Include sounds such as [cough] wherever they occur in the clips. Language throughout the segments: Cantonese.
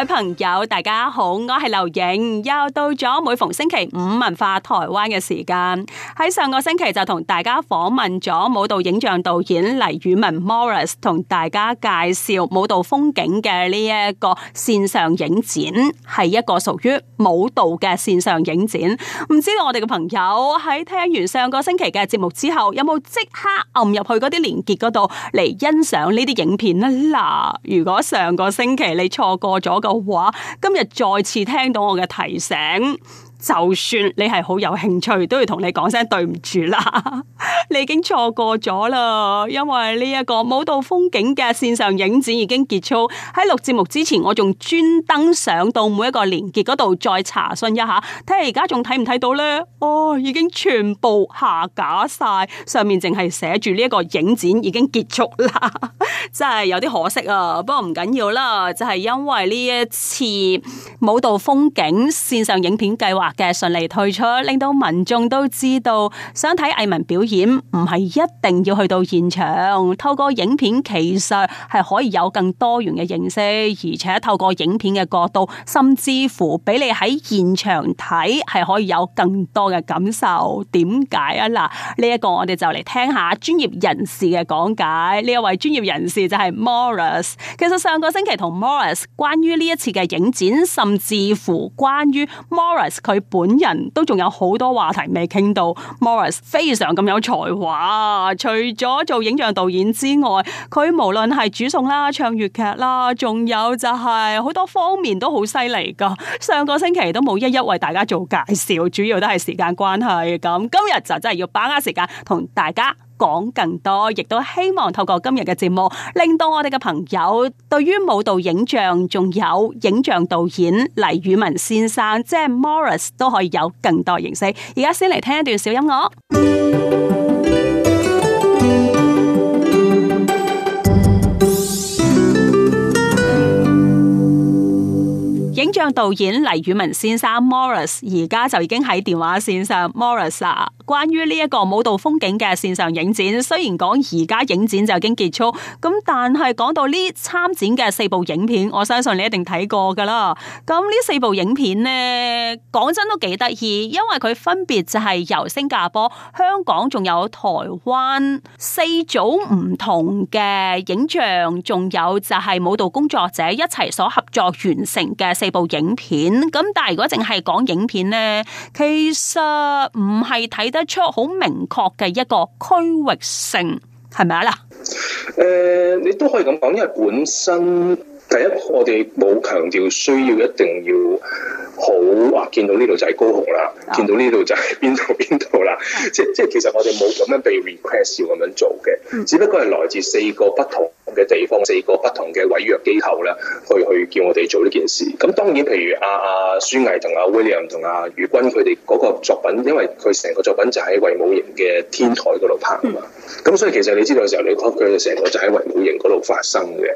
各位朋友，大家好，我係劉影，又到咗每逢星期五文化台灣嘅時間。喺上個星期就同大家訪問咗舞蹈影像導演黎宇文 Morris，同大家介紹舞蹈風景嘅呢一個線上影展，係一個屬於舞蹈嘅線上影展。唔知道我哋嘅朋友喺聽完上個星期嘅節目之後，有冇即刻撳入去嗰啲連結嗰度嚟欣賞呢啲影片呢？嗱，如果上個星期你錯過咗個，嘅話，今日再次聽到我嘅提醒。就算你係好有興趣，都要同你講聲對唔住啦， [laughs] 你已經錯過咗啦。因為呢一個舞蹈風景嘅線上影展已經結束。喺錄節目之前，我仲專登上到每一個連結嗰度再查詢一下，睇下而家仲睇唔睇到咧？哦，已經全部下架晒，上面淨係寫住呢一個影展已經結束啦， [laughs] 真係有啲可惜啊。不過唔緊要啦，就係、是、因為呢一次舞蹈風景線上影片計劃。嘅順利退出，令到民眾都知道，想睇藝文表演唔係一定要去到現場。透過影片其，其實係可以有更多元嘅認識，而且透過影片嘅角度，甚至乎比你喺現場睇係可以有更多嘅感受。點解啊？嗱，呢、這、一個我哋就嚟聽下專業人士嘅講解。呢一位專業人士就係 Morris。其實上個星期同 Morris 關於呢一次嘅影展，甚至乎關於 Morris 佢。本人都仲有好多話題未傾到，Morris 非常咁有才華，除咗做影像導演之外，佢無論係煮餸啦、唱粵劇啦，仲有就係好多方面都好犀利噶。上個星期都冇一一為大家做介紹，主要都係時間關係。咁今日就真係要把握時間同大家。講更多，亦都希望透過今日嘅節目，令到我哋嘅朋友對於舞蹈影像仲有影像導演黎宇文先生，即係 Morris，都可以有更多認識。而家先嚟聽一段小音樂。影像導演黎宇文先生 Morris，而家就已經喺電話線上，Morris 啊！關於呢一個舞蹈風景嘅線上影展，雖然講而家影展就已經結束，咁但係講到呢參展嘅四部影片，我相信你一定睇過噶啦。咁呢四部影片咧，講真都幾得意，因為佢分別就係由新加坡、香港、仲有台灣四組唔同嘅影像，仲有就係舞蹈工作者一齊所合作完成嘅四部影片。咁但係如果淨係講影片咧，其實唔係睇得。出好明確嘅一個區域性，係咪啊啦？誒、呃，你都可以咁講，因為本身。第一，我哋冇強調需要一定要好啊！見到呢度就係高雄啦，見到呢度就係邊度邊度啦。即即其實我哋冇咁樣被 request 咁樣做嘅，只不過係來自四個不同嘅地方，四個不同嘅委約機構咧，去去叫我哋做呢件事。咁當然，譬如阿阿舒毅同阿 William 同阿余君佢哋嗰個作品，因為佢成個作品就喺衛武營嘅天台嗰度拍嘛。咁所以其實你知道嘅時候，你覺得佢嘅成個就喺維護營嗰度發生嘅。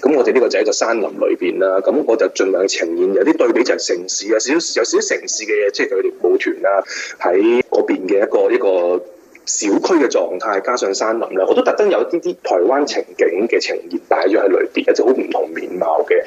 咁我哋呢個就喺個山林裏邊啦。咁我就儘量呈現有啲對比，就係城市有少少有少少城市嘅嘢，即係佢哋舞團啦喺嗰邊嘅一個一個。一個小區嘅狀態，加上山林咧，我都特登有啲啲台灣情景嘅情節帶咗喺裏邊嘅，就好唔同的面貌嘅。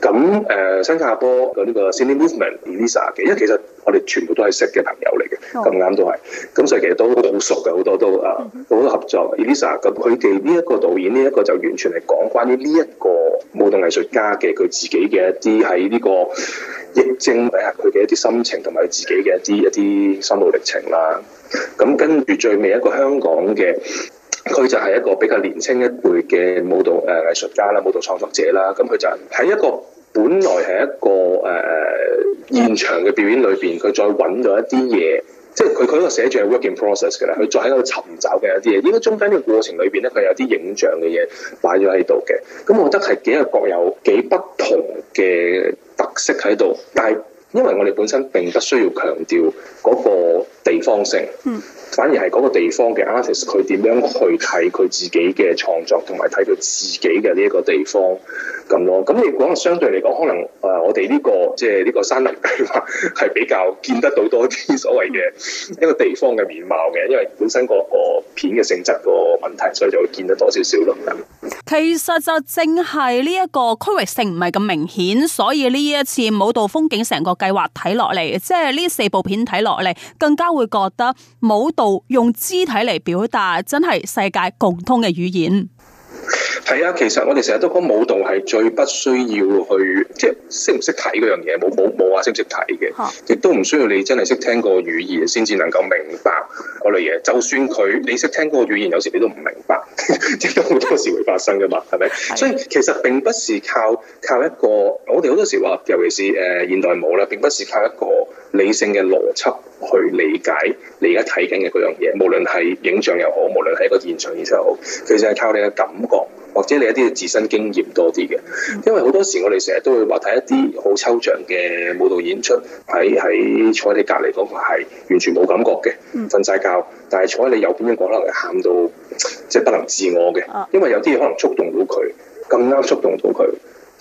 咁、mm、誒 -hmm. 呃，新加坡嘅呢個 Sydney Movement Elisa 嘅，因為其實我哋全部都係識嘅朋友嚟嘅，咁、mm、啱 -hmm. 都係。咁所以其實都好熟嘅，好多都啊，好、mm -hmm. 多合作。Elisa，咁佢哋呢一個導演，呢一個就完全係講關於呢一個舞動藝術家嘅佢自己嘅一啲喺呢個疫症底下佢嘅一啲心情同埋佢自己嘅一啲一啲心路歷程啦、啊。咁跟住最尾一個香港嘅，佢就係一個比較年輕一輩嘅舞蹈誒藝術家啦，舞蹈創作者啦。咁佢就喺一個本來係一個誒、呃、現場嘅表演裏邊，佢再揾咗一啲嘢，即係佢佢嗰個寫住係 working process 嘅啦，佢再喺度尋找嘅一啲嘢。應該中間呢個過程裏邊咧，佢有啲影像嘅嘢擺咗喺度嘅。咁我覺得係幾個各有幾不同嘅特色喺度，但係。因為我哋本身並不需要強調嗰個地方性，嗯，反而係嗰個地方嘅 artist，佢點樣去睇佢自己嘅創作，同埋睇佢自己嘅呢一個地方。咁咯，咁你講相對嚟講，可能誒我哋呢個即係呢個山林計劃係比較見得到多啲所謂嘅一個地方嘅面貌嘅，因為本身個片嘅性質個問題，所以就會見得多少少咯。其實就正係呢一個區域性唔係咁明顯，所以呢一次舞蹈風景成個計劃睇落嚟，即係呢四部片睇落嚟，更加會覺得舞蹈用肢體嚟表達，真係世界共通嘅語言。係啊，其實我哋成日都講舞蹈係最不需要去，即係識唔識睇嗰樣嘢，冇冇冇話識唔識睇嘅，亦都唔需要你真係識聽個語言先至能夠明白嗰類嘢。就算佢你識聽個語言，有時你都唔明白，即係好多時會發生噶嘛，係咪？所以其實並不是靠靠一個，我哋好多時話，尤其是誒、呃、現代舞咧，並不是靠一個理性嘅邏輯。理解你而家睇緊嘅嗰樣嘢，無論係影像又好，無論係一個現場演出又好，其實係靠你嘅感覺，或者你一啲嘅自身經驗多啲嘅。因為好多時我哋成日都會話睇一啲好抽象嘅舞蹈演出，喺喺坐喺你隔離嗰個係完全冇感覺嘅，瞓晒覺。但係坐喺你右邊嗰個可能係喊到即係、就是、不能自我嘅，因為有啲嘢可能觸動到佢，更加觸動到佢。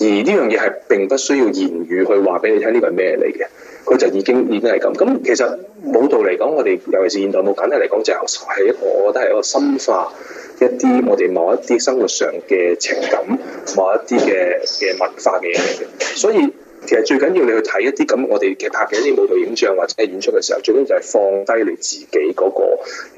而呢樣嘢係並不需要言語去話俾你聽，呢個係咩嚟嘅？佢就已經已經係咁。咁其實舞蹈嚟講，我哋尤其是現代舞來說，簡單嚟講就係一個，我覺得係一個深化一啲我哋某一啲生活上嘅情感、某一啲嘅嘅文化嘅。所以其實最緊要你去睇一啲咁我哋嘅拍嘅一啲舞蹈影像或者係演出嘅時候，最緊要就係放低你自己嗰個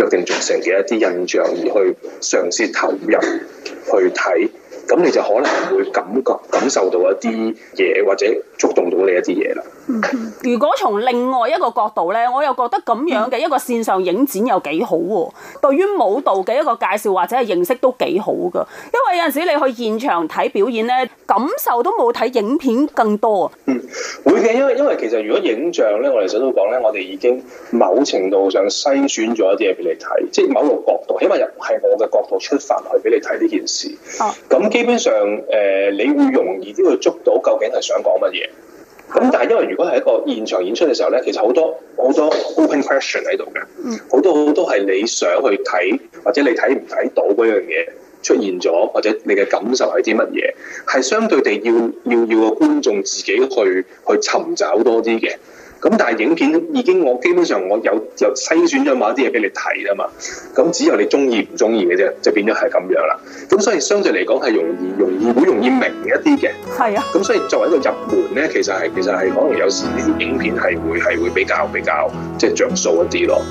約定俗成嘅一啲印象，而去嘗試投入去睇。咁你就可能會感覺感受到一啲嘢，或者觸動到你一啲嘢啦。嗯、如果從另外一個角度咧，我又覺得咁樣嘅一個線上影展又幾好喎、啊嗯。對於舞蹈嘅一個介紹或者係認識都幾好噶。因為有陣時你去現場睇表演咧，感受都冇睇影片更多啊。嗯，會嘅，因為因為其實如果影像咧，我哋首都講咧，我哋已經某程度上篩選咗一啲嘢俾你睇，即係某個角度，起碼係我嘅角度出發去俾你睇呢件事。咁、啊、基本上，誒、呃，你會容易啲去捉到究竟係想講乜嘢。咁但係因為如果係一個現場演出嘅時候咧，其實好多好多 open question 喺度嘅，好多好多係你想去睇或者你睇唔睇到嗰樣嘢出現咗，或者你嘅感受係啲乜嘢，係相對地要要要個觀眾自己去去尋找多啲嘅。咁但係影片已經，我基本上我有就篩選咗某啲嘢俾你睇啊嘛，咁只有你中意唔中意嘅啫，就變咗係咁樣啦。咁所以相對嚟講係容易容易好容易明白一啲嘅，係、嗯、啊。咁所以作為一個入門咧，其實係其實係可能有時呢啲影片係會係會比較比較即係着數一啲咯。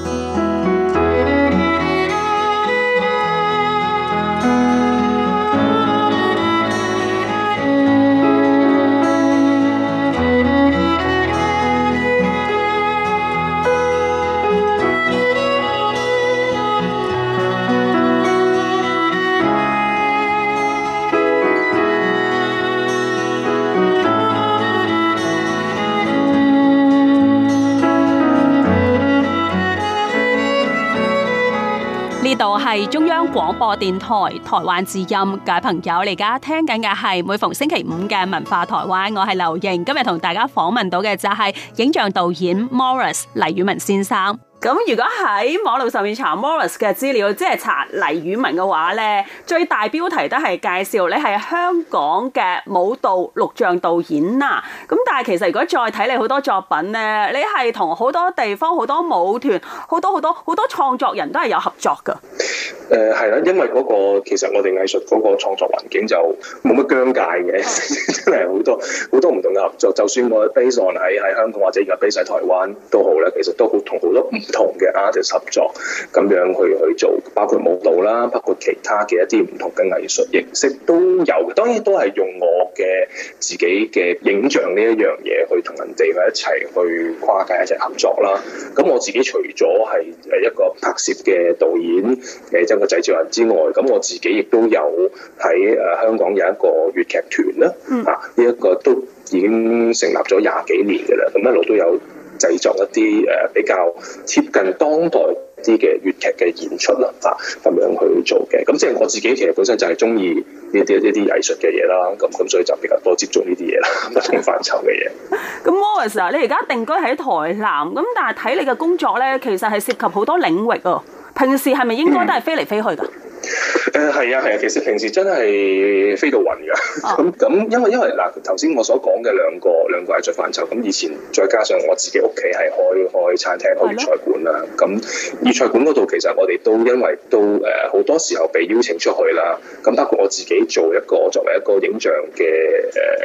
係中央廣播電台台灣之音嘅朋友，你而家聽緊嘅係每逢星期五嘅文化台灣，我係劉瑩。今日同大家訪問到嘅就係影像導演 Morris 黎宇文先生。咁如果喺網絡上面查 Morris 嘅資料，即係查黎宇文嘅話呢，最大標題都係介紹你係香港嘅舞蹈錄像導演啦。咁但係其實如果再睇你好多作品呢，你係同好多地方、好多舞團、好多好多好多創作人都係有合作噶。誒係啦，因為嗰、嗰個其實我哋藝術嗰個創作環境就冇乜疆界嘅，真係好多好多唔同嘅合作。就算我 base 喺喺香港或者而家 base 喺台灣都好咧，其實都好同好多唔同嘅 artist 合作，咁樣去去做，包括舞蹈啦，包括其他嘅一啲唔同嘅藝術形式都有。當然都係用我嘅自己嘅影像呢一樣嘢去同人哋去一齊去跨界一齊合作啦。咁我自己除咗係誒一個拍攝嘅導演，誒個製造人之外，咁我自己亦都有喺誒香港有一個粵劇團啦、嗯，啊，呢、這、一個都已經成立咗廿幾年嘅啦，咁一路都有製作一啲誒比較貼近當代啲嘅粵劇嘅演出啦，啊，咁樣去做嘅。咁即係我自己其實本身就係中意呢啲一啲藝術嘅嘢啦，咁咁所以就比較多接觸呢啲嘢啦，不同範疇嘅嘢。咁 Morris 啊你而家定居喺台南，咁但係睇你嘅工作咧，其實係涉及好多領域啊。平時係咪應該都係飛嚟飛去㗎？誒係啊係啊，啊，其實平時真係飛到暈㗎，咁、oh. 咁因為因為嗱頭先我所講嘅兩個兩個藝術範疇，咁以前再加上我自己屋企係開開餐廳開粵菜館啦，咁粵菜館嗰度其實我哋都因為都誒好、呃、多時候被邀請出去啦，咁包括我自己做一個作為一個影像嘅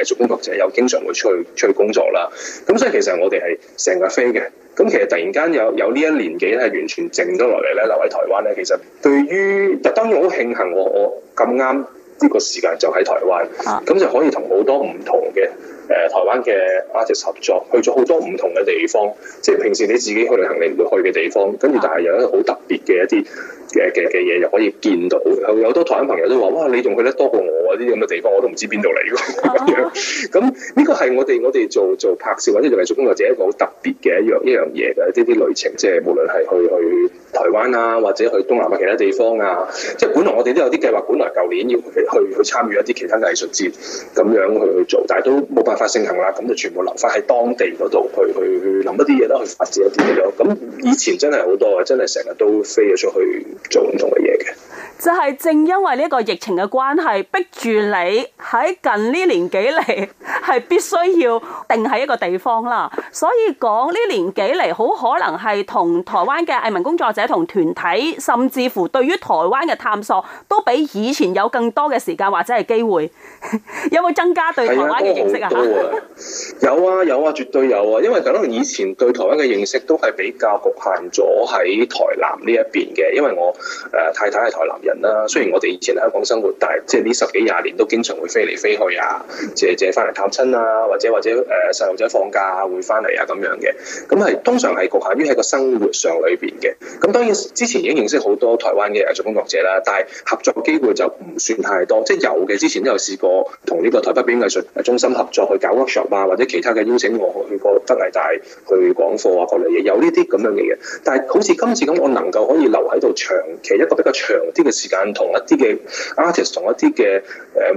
誒藝術工作者，又經常會出去出去工作啦，咁所以其實我哋係成日飛嘅，咁其實突然間有有呢一年幾咧完全靜咗落嚟咧，留喺台灣咧，其實對於，特登。我。慶幸我我咁啱呢個時間就喺台灣，咁、啊、就可以同好多唔同嘅誒台灣嘅 artist 合作，去咗好多唔同嘅地方，即、就是、平時你自己去旅行你唔會去嘅地方，跟住但係有一個好特別嘅一啲嘅嘅嘅嘢又可以見到，有好多台灣朋友都話：哇！你仲去得多過我啲咁嘅地方，我、啊 [laughs] 我，我都唔知邊度嚟㗎。咁呢個係我哋我哋做做拍攝或者做藝術工作者一個好特別嘅一樣一樣嘢嘅一啲旅程，即、就、係、是、無論係去去。去台灣啊，或者去東南亞其他地方啊，即係本來我哋都有啲計劃，本來舊年要去去去參與一啲其他藝術節，咁樣去去做，但係都冇辦法進行啦，咁就全部留翻喺當地嗰度，去去去諗一啲嘢啦，去發展一啲嘢咯。咁以前真係好多嘅，真係成日都飛咗出去做唔同嘅嘢嘅。就係正因為呢個疫情嘅關係，逼住你喺近呢年幾嚟，係必須要定喺一個地方啦，所以講呢年幾嚟，好可能係同台灣嘅藝文工作者同團體，甚至乎對於台灣嘅探索，都比以前有更多嘅時間或者係機會， [laughs] 有冇增加對台灣嘅認識啊？有啊有啊，絕對有啊！因為可能以前對台灣嘅認識都係比較局限咗喺台南呢一邊嘅，因為我誒、呃、太太係台南人啦，啊。雖然我哋以前喺香港生活，但係即係呢十幾廿年都經常會飛嚟飛去啊，借借翻嚟探親啊，或者或者誒細路仔放假會翻嚟啊，咁樣嘅，咁係通常係局限於喺個生活上裏邊嘅。咁當然之前已經認識好多台灣嘅藝術工作者啦，但係合作機會就唔算太多，即係有嘅。之前都有試過同呢個台北表演藝術中心合作去搞 workshop 啊，或者其他嘅邀請我去過德藝大去講課啊，各類嘢有呢啲咁樣嘅嘢。但係好似今次咁，我能夠可以留喺度長期一個比較長啲嘅時間，同一啲嘅 artist 同一啲嘅誒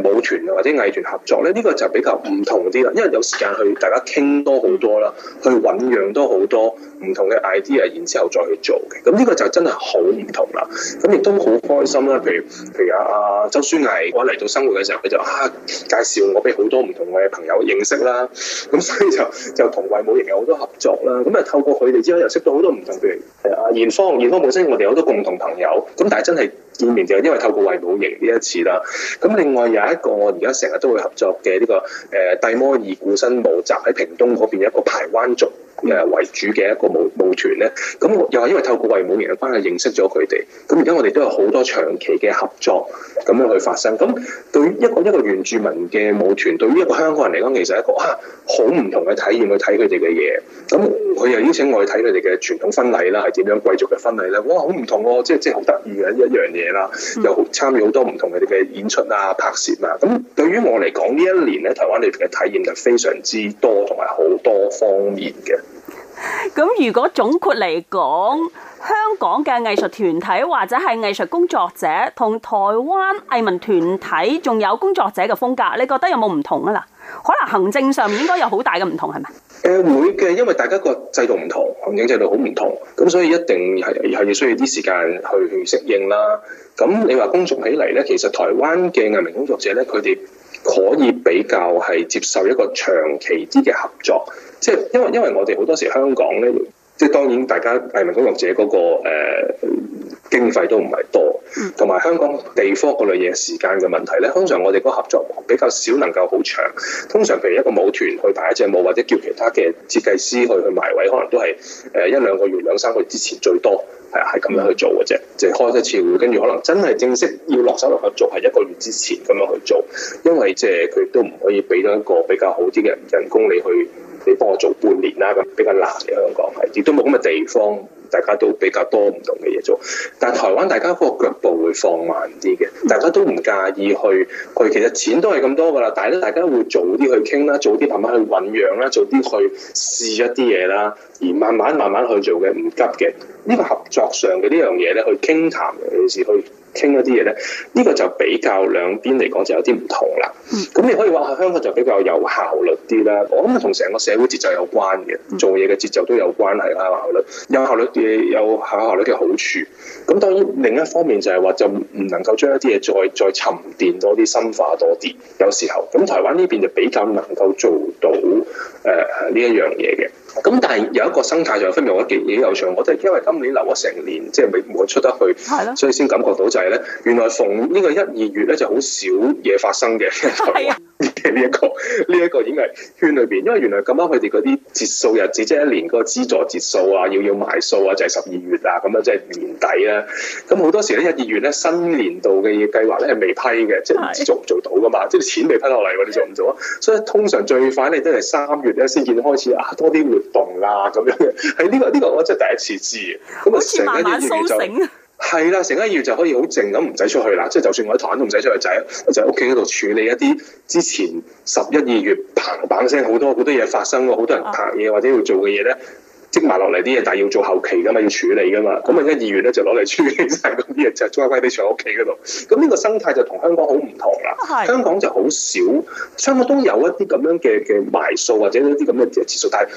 舞團啊或者藝團合作咧，呢個就比較唔。同啲啦，因為有時間去大家傾多好多啦，去醞釀多好多唔同嘅 idea，然之後再去做嘅。咁呢個就真係好唔同啦。咁亦都好開心啦。譬如譬如阿、啊、阿周書毅，我嚟到生活嘅時候，佢就啊介紹我俾好多唔同嘅朋友的認識啦。咁所以就就同衛武營有好多合作啦。咁啊透過佢哋之後，又識到好多唔同，譬如係阿嚴芳，嚴芳本身我哋有好多共同朋友。咁但係真係。見面就因為透過衛武營呢一次啦，咁另外有一個我而家成日都會合作嘅呢、這個、呃、蒂摩爾古薪舞集，喺屏東嗰邊，有一個排灣族。誒為主嘅一個舞舞團咧，咁又係因為透過為母緣嘅關係認識咗佢哋，咁而家我哋都有好多長期嘅合作咁樣去發生。咁對於一個一個原住民嘅舞團，對於一個香港人嚟講，其實係一個啊好唔同嘅體驗去睇佢哋嘅嘢。咁佢又邀請我去睇佢哋嘅傳統婚禮啦，係點樣貴族嘅婚禮咧？哇，好唔同喎！即係即係好得意嘅一樣嘢啦。又參與好多唔同佢哋嘅演出啊、拍攝啊。咁對於我嚟講，呢一年咧，台灣裏邊嘅體驗就非常之多，同埋好多方面嘅。咁如果總括嚟講，香港嘅藝術團體或者係藝術工作者，同台灣藝文團體仲有工作者嘅風格，你覺得有冇唔同啊？嗱，可能行政上面應該有好大嘅唔同，係咪？誒會嘅，因為大家個制度唔同，行政制度好唔同，咁所以一定係係要需要啲時間去去適應啦。咁你話工作起嚟咧，其實台灣嘅藝文工作者咧，佢哋。可以比較係接受一個長期啲嘅合作，即係因為因為我哋好多時香港咧。即係當然，大家藝文工作者嗰、那個誒、呃、經費都唔係多，同埋香港地方嗰類嘢時間嘅問題咧，通常我哋個合作比較少能夠好長。通常譬如一個舞團去排一隻舞，或者叫其他嘅設計師去去埋位，可能都係誒一兩個月、兩三個月之前最多係係咁樣去做嘅啫。即係開一次會，跟住可能真係正式要落手落腳做，係一個月之前咁樣去做，因為即係佢都唔可以俾到一個比較好啲嘅人工你去。你幫我做半年啦，咁比較難嘅香港係，亦都冇咁嘅地方，大家都比較多唔同嘅嘢做。但係台灣大家嗰個腳步會放慢啲嘅，大家都唔介意去。佢其實錢都係咁多㗎啦，但係咧大家會早啲去傾啦，早啲慢慢去醖釀啦，早啲去試一啲嘢啦，而慢慢慢慢去做嘅，唔急嘅。呢個合作上嘅呢樣嘢咧，去傾談，談的，尤其是去。傾一啲嘢咧，呢、這個就比較兩邊嚟講就有啲唔同啦。咁、嗯、你可以話喺香港就比較有效率啲啦。我諗同成個社會節奏有關嘅、嗯，做嘢嘅節奏都有關係啦。效率有效率嘅有有效率嘅好處。咁當然另一方面就係話就唔能夠將一啲嘢再再沉澱多啲、深化多啲。有時候咁台灣呢邊就比較能夠做到誒呢、呃、一樣嘢嘅。咁但係有一個生態上嘅分別我，我幾幾有趣。我哋因為今年留咗成年，即係未冇出得去，所以先感覺到就是。係咧，原來逢呢個一二月咧就好少嘢發生嘅，係呢一個呢一、啊這個已經係圈裏邊，因為原來咁啱佢哋嗰啲節數日子，即、就、係、是、一年個資助節數啊，要要埋數啊，就係十二月啊，咁樣即係年底啊，咁好多時咧一二月咧新年度嘅計劃咧係未批嘅，即係唔知做唔做到㗎嘛，即係、啊、錢未批落嚟，我哋做唔做啊？所以通常最快咧都係三月咧先至開始啊，多啲活動啦、啊，咁樣嘅係呢個呢、這個我真係第一次知咁啊，成家嘅就。係啦，成一月就可以好靜咁，唔使出去啦。即係就算我喺台灣都唔使出去，就就喺屋企嗰度處理一啲之前十一二月嘭嘭聲好多好多嘢發生，好多人拍嘢或者要做嘅嘢咧，積埋落嚟啲嘢，但係要做後期噶嘛，要處理噶嘛。咁啊，一二月咧就攞嚟處理晒啲嘢，啲人就乖乖俾上屋企嗰度。咁呢個生態就同香港好唔同啦。香港就好少，香港都有一啲咁樣嘅嘅埋數或者一啲咁嘅字數，但係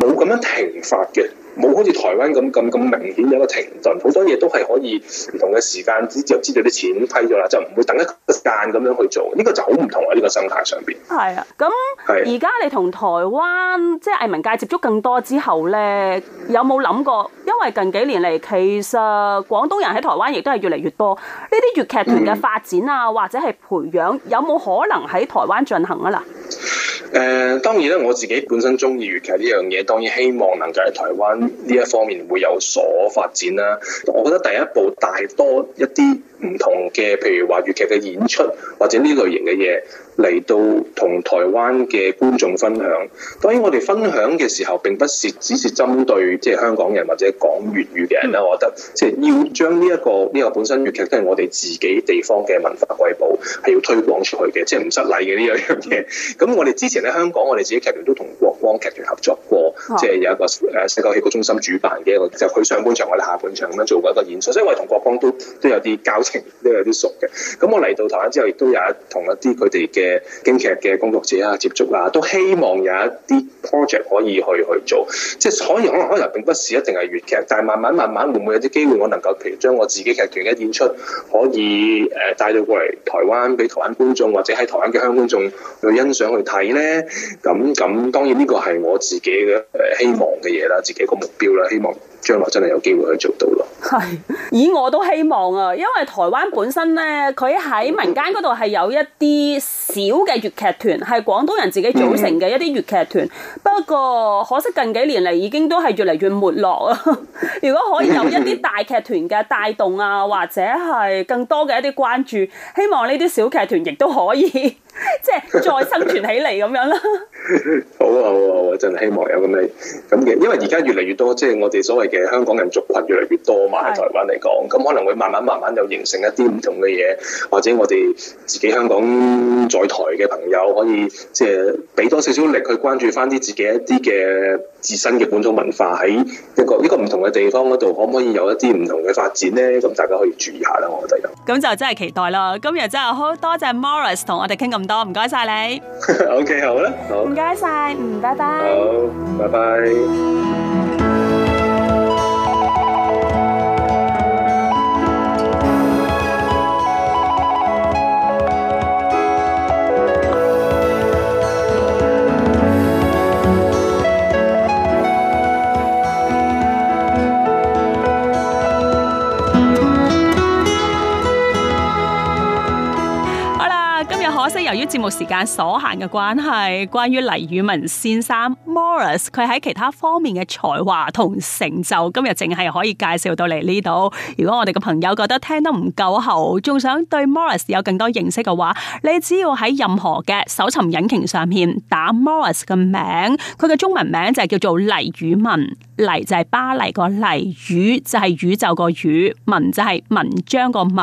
冇咁樣停發嘅。冇好似台灣咁咁咁明顯有個停頓，好多嘢都係可以唔同嘅時間之，之後知道啲錢都批咗啦，就唔會等一個時間咁樣去做，呢、這個就好唔同啊！呢、這個生態上邊。係啊，咁而家你同台灣即係、就是、藝文界接觸更多之後呢，有冇諗過？因為近幾年嚟，其實廣東人喺台灣亦都係越嚟越多，呢啲粵劇團嘅發展啊，嗯、或者係培養，有冇可能喺台灣進行啊？啦？誒、呃、當然啦，我自己本身鍾意粵劇呢樣嘢，當然希望能夠喺台灣呢一方面會有所發展啦。我覺得第一步，大多一啲。唔同嘅，譬如話粵劇嘅演出，或者呢類型嘅嘢嚟到同台灣嘅觀眾分享。當然我哋分享嘅時候，並不是只是針對即係香港人或者講粵語嘅人啦。我覺得即係要將呢一個呢個本身粵劇都係我哋自己地方嘅文化瑰寶，係要推廣出去嘅，即係唔失禮嘅呢樣嘢。咁我哋之前喺香港，我哋自己劇團都同國光劇團合作過，即係有一個誒社交戲曲中心主辦嘅一個就佢上半場我哋下半場咁樣做過一個演出。所以我哋同國光都都有啲交。都有啲熟嘅，咁我嚟到台灣之後，亦都有一同一啲佢哋嘅京劇嘅工作者啊接觸啦、啊，都希望有一啲 project 可以去去做，即係可以可能可能並不是一定係粵劇，但係慢慢慢慢會唔會有啲機會我能夠譬如將我自己劇團嘅演出可以誒帶到過嚟台灣，俾台灣觀眾或者喺台灣嘅香港觀眾去欣賞去睇呢？咁咁當然呢個係我自己嘅希望嘅嘢啦，自己個目標啦，希望。將來真係有機會去做到咯。係，以我都希望啊，因為台灣本身咧，佢喺民間嗰度係有一啲小嘅粵劇團，係廣東人自己組成嘅一啲粵劇團。嗯、不過可惜近幾年嚟已經都係越嚟越沒落啊。如果可以有一啲大劇團嘅帶動啊，或者係更多嘅一啲關注，希望呢啲小劇團亦都可以即係再生存起嚟咁樣啦。 [laughs] [laughs] 好啊！好啊，我真係希望有咁嘅咁嘅，因為而家越嚟越多，即係我哋所謂嘅香港人族群越嚟越多嘛。喺台灣嚟講，咁可能會慢慢慢慢就形成一啲唔同嘅嘢，或者我哋自己香港在台嘅朋友可以即係俾多少少力去關注翻啲自己一啲嘅自身嘅本土文化，喺一個一個唔同嘅地方嗰度，可唔可以有一啲唔同嘅發展咧？咁大家可以注意下啦，我覺得咁就真係期待啦。今日真係好多謝 Morris 同我哋傾咁多，唔該晒你。 [laughs] OK，好啦，好。唔該晒，嗯，拜拜。好，拜拜。節目時間所限嘅關係，關於黎宇文先生。Morris 佢喺其他方面嘅才華同成就，今日淨係可以介紹到嚟呢度。如果我哋嘅朋友覺得聽得唔夠喉，仲想對 Morris 有更多認識嘅話，你只要喺任何嘅搜尋引擎上面打 Morris 嘅名，佢嘅中文名就係叫做黎宇文。黎就係、是、巴黎個黎，就是，宇就係宇宙個宇，文就係、是、文章個文。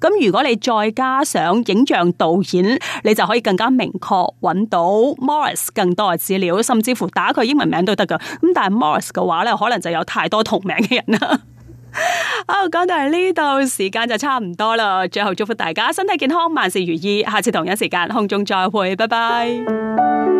咁如果你再加上影像導演，你就可以更加明確揾到 Morris 更多嘅資料，甚至乎大。打佢英文名都得噶，咁但係 Morris 嘅話咧，可能就有太多同名嘅人啦。啊、 [laughs] 哦，講到係呢度，時間就差唔多啦。最後祝福大家身體健康，萬事如意。下次同一時間空中再會，拜拜。